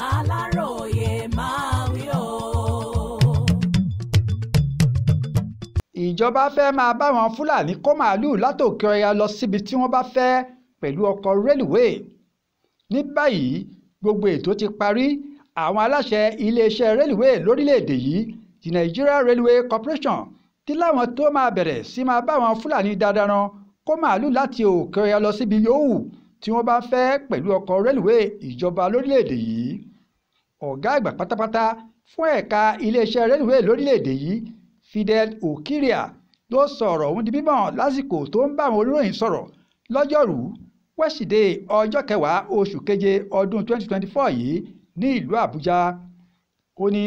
aláròye máa wí o. ìjọba fẹ́ máa báwọn fúlàní kó màálùú látòkè ọya lọ síbi tí wọ́n bá fẹ́ pẹ̀lú ọkọ̀ rélùwéè ní báyìí gbogbo ètò ti parí àwọn aláṣẹ iléeṣẹ́ rélùwéè lórílẹ̀ yìí ti Nigeria Railway Corporation ti láwọn tó máa bẹ̀rẹ̀ sí máa báwọn fúlàní dandaran kó màálù láti òkè ọya lọ síbi yòówù tí wọ́n bá fẹ́ pẹ̀lú ọkọ̀ rélùwéè ìjọba lórílẹ̀ yìí ọ̀gá àgbà pátápátá fún ẹ̀ka iléeṣẹ́ rélùwéè lórílẹ̀‐èdè yìí Fidel Okiria ló sọ ọ̀rọ̀ ọ̀hún di mímọ̀ lásìkò tó ń bá àwọn oníròyìn sọ̀rọ̀ lọ́jọ́rùú wẹ́sídẹ̀ẹ́ ọjọ́ kẹwàá oṣù keje ọdún 2024 yìí ní ìlú Àbújá ó ní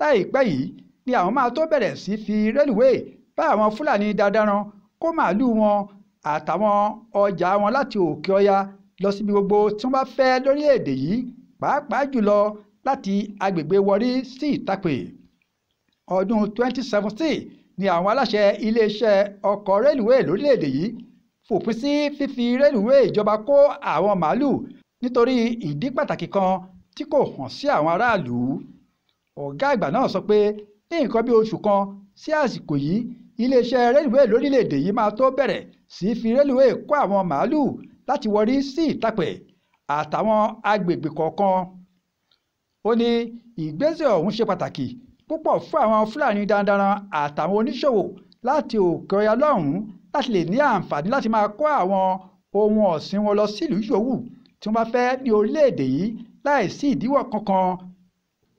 láìpẹ́ yìí ni àwọn máa tó bẹ̀rẹ̀ sí fi rélùwéè bá àwọn Fúlàní dandaran kó màálù wọn àtàwọn ọjà wọn láti òkè ọya lọ síbi gbogbo tí wọ́n bá fẹ́ lórílẹ̀ yìí pàápàá jùlọ láti agbègbè wọrí sí ìtàpè ọdún 2017 ni àwọn aláṣẹ iléeṣẹ́ ọkọ̀ rélùwéè lórílẹ̀‐èdè yìí fòpin sí fífi rélùwéè ìjọba kó àwọn màálùú nítorí ìdí pàtàkì kan tí kò hàn sí àwọn aráàlú ọ̀gá àgbà náà sọ pé ní nǹkan bí oṣù kan sí àsìkò yìí iléeṣẹ́ rélùwéè lórílẹ̀ yìí máa tó bẹ̀rẹ̀ sí fi rélùwéè kó àwọn màálùú láti wọrí sí ìtàpẹ̀ àtàwọn agbègbè kọ̀ọ̀kan ó ní ìgbésẹ̀ ọ̀hún ṣe pàtàkì púpọ̀ fún àwọn fúlàní darandaran àtàwọn oníṣòwò láti òkè ọya lọ́hùn-ún láti lè ní àǹfààní láti máa kó àwọn ohun ọ̀sìn wọn lọ sílùú yòówù tí wọ́n bá fẹ́ ní orílẹ̀-èdè yìí láì sí ìdíwọ́ kankan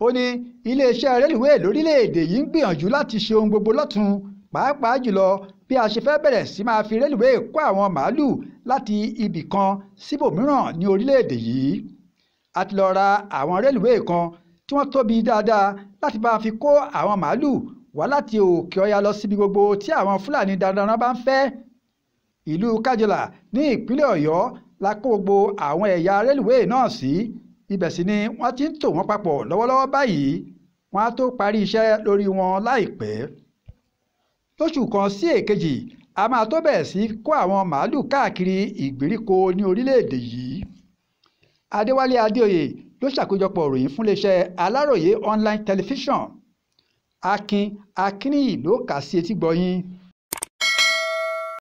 ó ní iléeṣẹ́ rélùwéè lórílẹ̀-èdè yìí ń gbìyànjú láti ṣe ohun gbogbo lọ́tun pàápàá jùlọ bí a ṣe fẹ́ bẹ̀rẹ̀ sí máa fi rélùwéè kó àwọn màálù láti ibì kan síbòmíràn ní orílẹ̀-èdè yìí a ti lọ ra àwọn rélùwéè kan tí wọ́n tóbi dáadáa láti bá fi kó àwọn màálùú wá láti òkè ọya lọ síbi gbogbo tí àwọn fúlàní darandaran bá ń fẹ́ ìlú kájọlà ní ìpínlẹ̀ ọ̀yọ́ la kó gbogbo àwọn ẹ̀yà rélùwéè náà sí ibẹ̀ sì ni wọ́n ti ń tò wọ́n papọ̀ lọ́wọ́lọ́wọ́ báyìí wọ́n á tó parí iṣẹ́ lórí wọn láìpẹ́ lóṣù kan sí èkejì a máa tó bẹ̀rẹ̀ sí kó àwọn màálùú káàkiri ìgbèríko ní orílẹ̀-èdè yìí adéwálé adéoyè ló ṣàkójọpọ̀ ìròyìn fún iléeṣẹ́ aláròye online television akin akínníyì ló kà sí etí gbọ̀yìn.